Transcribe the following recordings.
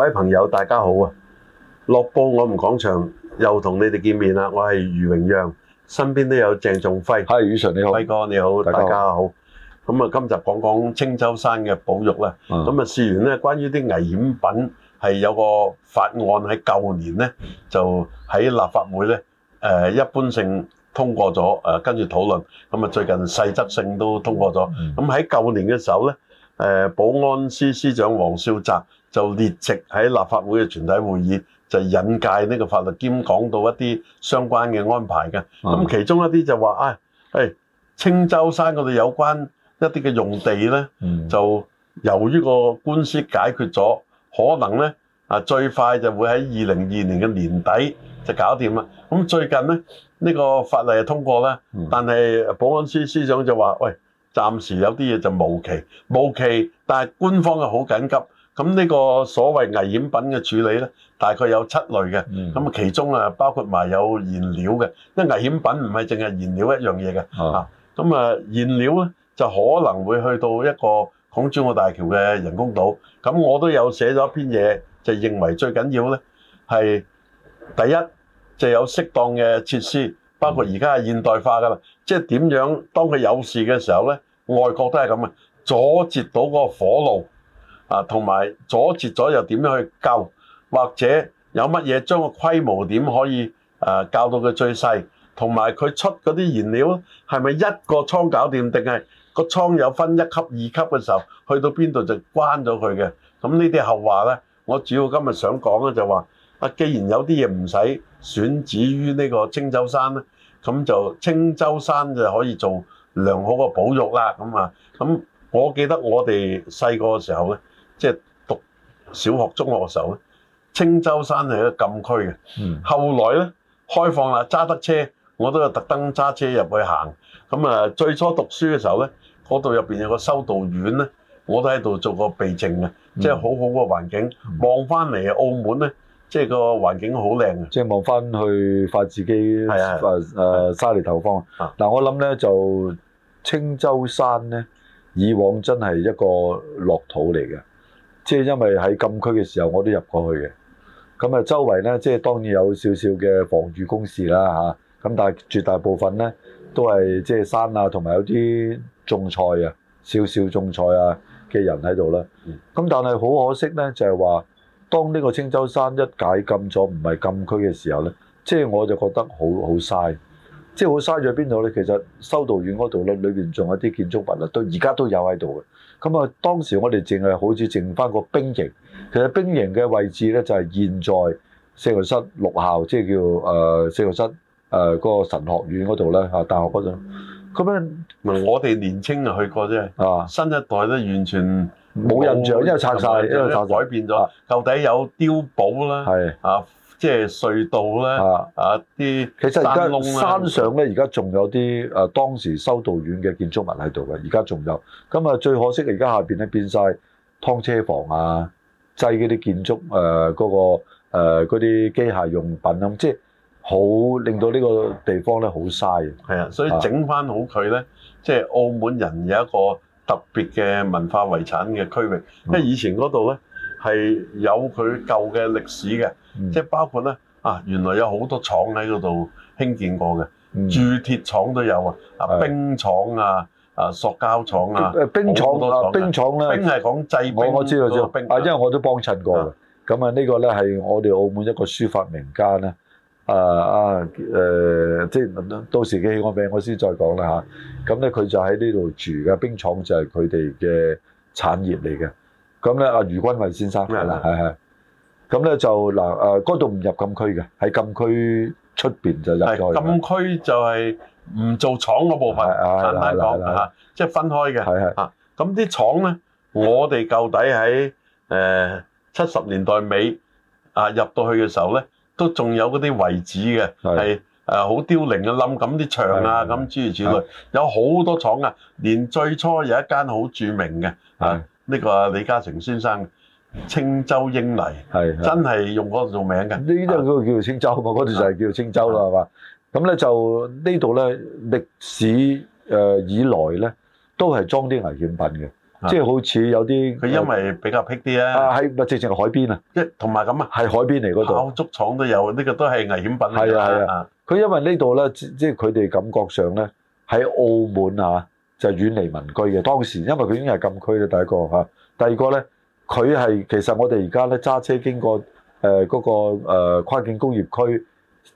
各位朋友，大家好啊！樂報我哋講場，又同你哋見面啦。我係余榮讓，身邊都有鄭仲輝。Hi，余 Sir 你好，輝哥你好，大家好。咁啊，今集講講青洲山嘅保育啦。咁、嗯、啊，事緣咧關於啲危險品係有個法案喺舊年咧就喺立法會咧誒、呃、一般性通過咗誒、呃，跟住討論。咁、嗯、啊、嗯，最近細則性都通過咗。咁喺舊年嘅時候咧，誒、呃，保安司司長黃少澤。就列席喺立法會嘅全體會議，就引介呢個法律兼講到一啲相關嘅安排㗎。咁其中一啲就話啊、哎，青、哎、洲山嗰度有關一啲嘅用地呢，就由於個官司解決咗，可能呢，啊最快就會喺二零二年嘅年底就搞掂啦。咁最近呢，呢、呢個法例通過呢，但係保安司司長就話：喂，暫時有啲嘢就無期無期，但係官方嘅好緊急。咁、這、呢個所謂危險品嘅處理呢，大概有七類嘅。咁、嗯、啊，其中啊包括埋有燃料嘅，因為危險品唔係淨係燃料一樣嘢嘅。啊，咁啊燃料呢，就可能會去到一個港珠澳大橋嘅人工島。咁我都有寫咗一篇嘢，就認為最緊要呢係第一就有適當嘅設施，包括而家係現代化噶啦、嗯。即係點樣當佢有事嘅時候呢，外國都係咁嘅，阻截到個火爐啊，同埋阻截咗又點樣去救，或者有乜嘢將個規模點可以誒、啊、教到佢最細，同埋佢出嗰啲燃料係咪一個倉搞掂，定係個倉有分一級二級嘅時候，去到邊度就關咗佢嘅？咁呢啲後話呢，我主要今日想講嘅就話、是、啊，既然有啲嘢唔使選址於呢個青洲山呢，咁就青洲山就可以做良好嘅保育啦。咁啊，咁我記得我哋細個嘅時候呢。即、就、係、是、讀小學、中學嘅時候，青洲山係一個禁區嘅、嗯。後來咧開放啦，揸得車，我都有特登揸車入去行。咁、嗯、啊，最初讀書嘅時候咧，嗰度入邊有個修道院咧，我都喺度做個避靜嘅，即、嗯、係、就是、好好個環境。望翻嚟澳門咧，即、就、係、是、個環境好靚嘅。即係望翻去筷子基，誒誒、啊、沙梨頭方。嗱、啊啊，我諗咧就青洲山咧，以往真係一個樂土嚟嘅。即係因為喺禁區嘅時候，我都入過去嘅。咁啊，周圍咧，即係當然有少少嘅防禦工事啦嚇。咁、啊、但係絕大部分咧都係即係山啊，同埋有啲種菜啊，少少種菜啊嘅人喺度啦。咁但係好可惜咧，就係、是、話當呢個青洲山一解禁咗，唔係禁區嘅時候咧，即係我就覺得好好嘥。很即係我嘥咗喺邊度咧？其實修道院嗰度咧，裏邊仲有啲建築物咧，到而家都有喺度嘅。咁啊，當時我哋淨係好似剩翻個兵營。其實兵營嘅位置咧，就係現在聖若瑟六校，即係叫誒聖若瑟誒嗰個神學院嗰度咧嚇，大學嗰度。咁啊，我哋年青就去過啫。啊，新一代都完全冇印象，因為拆晒，因為拆改變咗，舊、啊、底有碉堡啦。係啊。即係隧道咧啊啊啲，其實而家山上咧，而家仲有啲誒、啊、當時修道院嘅建築物喺度嘅，而家仲有。咁啊，最可惜而家下面咧變晒湯車房啊，擠嗰啲建築誒嗰、呃那個嗰啲、呃、機械用品咁、嗯，即係好令到呢個地方咧好嘥，係啊，所以整翻好佢咧，即係、啊就是、澳門人有一個特別嘅文化遺產嘅區域，嗯、因為以前嗰度咧。係有佢舊嘅歷史嘅，即係包括咧啊，原來有好多廠喺嗰度興建過嘅，鑄、嗯、鐵廠都有啊，啊冰廠啊，啊塑膠廠啊，誒冰、啊、冰廠啊，冰廠咧，冰係講製冰，我我知道冰啊，因為我都幫襯過嘅。咁啊，呢個咧係我哋澳門一個書法名家咧，啊啊誒，即、啊、係、就是、到時佢起我名，我先再講啦吓，咁咧佢就喺呢度住嘅，冰廠就係佢哋嘅產業嚟嘅。咁咧，阿余君惠先生係啦，係係。咁咧就嗱，誒嗰度唔入禁區嘅，喺禁區出邊就入咗去。禁區就係唔做廠嗰部分，簡單講嚇，即係分開嘅。嚇，咁啲廠咧，我哋舊底喺誒七十年代尾啊入到去嘅時候咧，都仲有嗰啲遺址嘅，係誒好凋零嘅，冧咁啲牆啊，咁諸如此類。有好多廠啊，連最初有一間好著名嘅嚇。呢個啊李嘉誠先生，青洲英坭係真係用嗰度做名嘅。呢度嗰個叫做青洲，嗰嗰段就係叫青洲啦，係嘛？咁咧就呢度咧歷史誒以來咧都係裝啲危險品嘅，即係好似有啲。佢因為比較僻啲啊，係咪直情係海邊啊？即係同埋咁啊，係海邊嚟嗰度。爆竹廠都有，呢個都係危險品。係啊係啊，佢因為呢度咧，即係佢哋感覺上咧喺澳門啊。就是、遠離民居嘅。當時因為佢已經係禁區啦，第一個、啊、第二個咧，佢係其實我哋而家咧揸車經過誒嗰、呃那個、呃、跨境工業區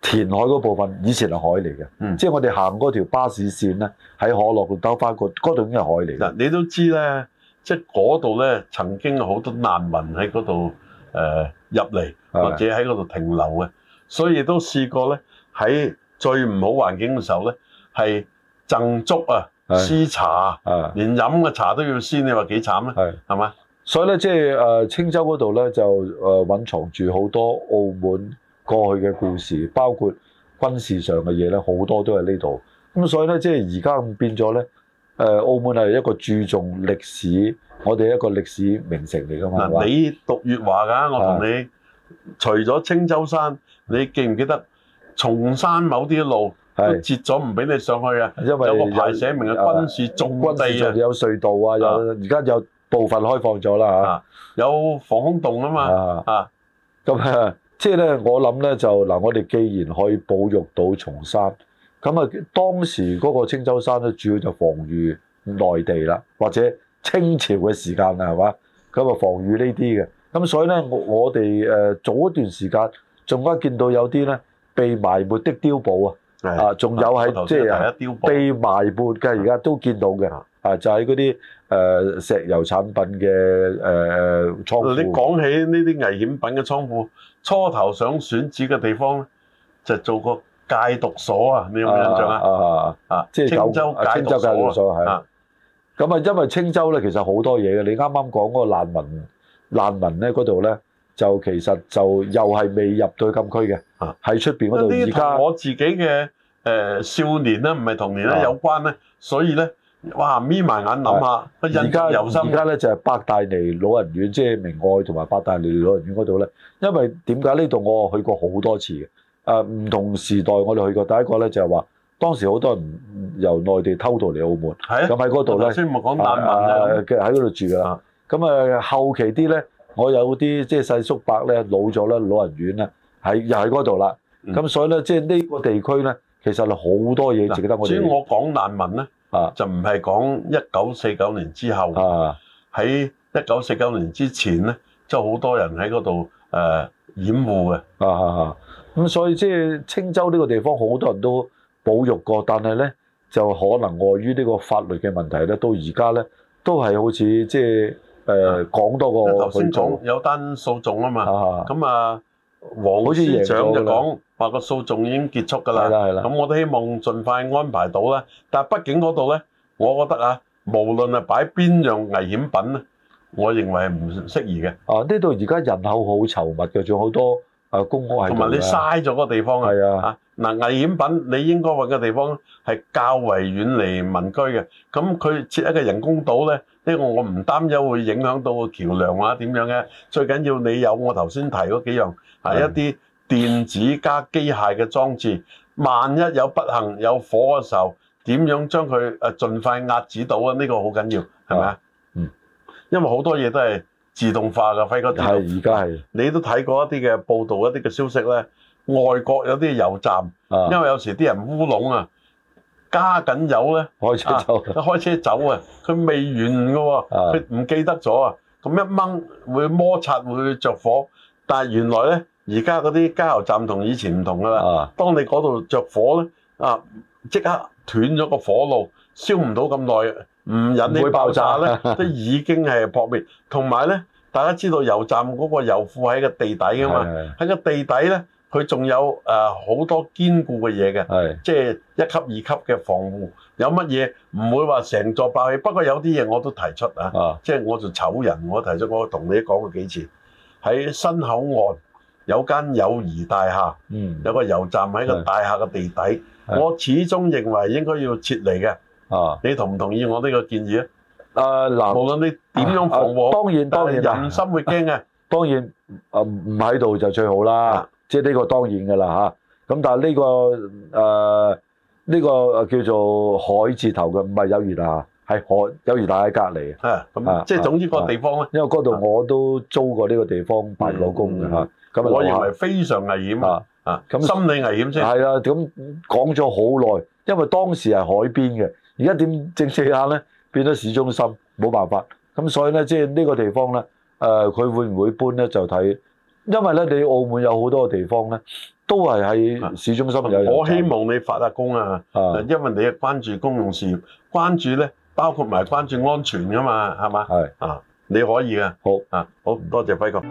填海嗰部分，以前係海嚟嘅。嗯，即係我哋行嗰條巴士線咧，喺可樂兜返過去嗰度已經係海嚟啦。你都知咧，即係嗰度咧曾經好多難民喺嗰度誒入嚟或者喺嗰度停留嘅，所以都試過咧喺最唔好環境嘅時候咧係掙足啊！私茶，連飲嘅茶都要私，你話幾慘咧？係嘛？所以咧、就是，即係誒，青洲嗰度咧就誒蘊、呃、藏住好多澳門過去嘅故事、嗯，包括軍事上嘅嘢咧，好多都係呢度。咁所以咧，即係而家變咗咧，誒、呃，澳門係一個注重歷史，我哋一個歷史名城嚟噶嘛。嗱，你讀粵華噶，我同你除咗青洲山，你記唔記得松山某啲路？都截咗唔俾你上去啊！因為個牌寫明嘅軍事重地啊，軍有隧道啊，有而家、啊、有部分開放咗啦、啊啊、有防空洞啊嘛啊咁啊，啊嗯、即係咧我諗咧就嗱，我哋既然可以保育到松山，咁啊當時嗰個青洲山咧，主要就防禦內地啦，或者清朝嘅時間啦，係嘛？咁啊防禦呢啲嘅咁，所以咧我我哋早一段時間仲加見到有啲咧被埋沒的碉堡啊！啊，仲有喺即係第一碉堡被埋沒嘅，而家都見到嘅。啊，就喺嗰啲誒石油產品嘅誒、呃、倉庫。你講起呢啲危險品嘅倉庫，初頭想選址嘅地方咧，就做個戒毒所啊？你有冇印象啊？啊啊即係青洲戒毒所係。咁啊清所，因為青洲咧，其實好多嘢嘅。你啱啱講嗰個難民，難民咧嗰度咧。就其實就又係未入到禁區嘅，喺出邊嗰度。而家我自己嘅誒少年咧，唔係童年咧有關咧，所以咧哇，眯埋眼諗下，而家而家咧就係伯大尼老人院，即係明愛同埋伯大尼老人院嗰度咧。因為點解呢度我去過好多次嘅？誒唔同時代我哋去過，第一個咧就係話當時好多人由內地偷渡嚟澳門，咁喺嗰度咧，所以咪講難民啊，喺嗰度住啊。咁啊，後期啲咧。我有啲即細叔伯咧，老咗啦，老人院啦，又喺嗰度啦。咁所以咧，即呢個地區咧，其實好多嘢值得我。至於我講難民咧，就唔係講一九四九年之後。喺一九四九年之前咧，即好多人喺嗰度掩護嘅。啊咁所以即青洲呢個地方，好多人都保育過，但係咧就可能礙於呢個法律嘅問題咧，到而家咧都係好似即係。誒、呃、講多個頭先講有單訴訟啊嘛，咁啊黃、啊、司長就講話個訴訟已經結束㗎啦，咁我都希望盡快安排到啦。但係畢竟嗰度咧，我覺得啊，無論係擺邊樣危險品咧，我認為係唔適宜嘅。啊，呢度而家人口好稠密嘅，仲好多啊公屋係同埋你嘥咗個地方啊。係啊，嗱危險品你應該揾嘅地方係較為遠離民居嘅，咁佢設一個人工島咧。呢、這個我唔擔憂會影響到個橋梁啊點樣嘅？最緊要你有我頭先提嗰幾樣，係一啲電子加機械嘅裝置。萬一有不幸有火嘅時候，點樣將佢誒盡快壓止到啊？呢、這個好緊要，係咪啊？嗯，因為好多嘢都係自動化嘅，輝哥睇。係，而家係。你都睇過一啲嘅報道，一啲嘅消息咧，外國有啲油站、啊，因為有時啲人烏龍啊。加緊油咧，開車走，一開車走啊，佢未完噶，佢唔記得咗啊，咁、啊 啊、一掹會摩擦會着火。但係原來咧，而家嗰啲加油站同以前唔同噶啦，的當你嗰度着火咧，啊即刻斷咗個火路，燒唔到咁耐，唔引起爆炸咧，都已經係撲滅。同埋咧，大家知道油站嗰個油庫喺個地底噶嘛，喺個地底咧。佢仲有誒好、呃、多堅固嘅嘢嘅，即係一級二級嘅防護，有乜嘢唔會話成座爆氣？不過有啲嘢我都提出啊，即係我做醜人，我提出，我同你講過幾次，喺新口岸有間友誼大廈，嗯、有一個油站喺個大廈嘅地底，我始終認為應該要撤離嘅。你同唔同意我呢個建議咧？誒、嗱，無論你點樣防護、啊啊、當然當然、啊、人心會驚嘅、啊。當然唔喺度就最好啦。啊即係呢個當然㗎啦吓，咁但係呢、這個誒呢、呃這個叫做海字頭嘅，唔係友誼塔，係海友誼塔喺隔離啊，咁即係總之個地方咧，因為嗰度我都租過呢個地方辦老公嘅嚇，咁、嗯嗯、我認為非常危險啊啊，咁心理危險先係啦，咁講咗好耐，因為當時係海邊嘅，而家點正視下咧，變咗市中心，冇辦法，咁所以咧即係呢、這個地方咧，誒、呃、佢會唔會搬咧就睇。因為咧，你澳門有好多地方咧，都係喺市中心。我希望你發下工啊，啊，因為你關注公用事業，關注咧，包括埋關注安全噶嘛，係嘛？係啊，你可以噶。好啊，好，多謝輝哥。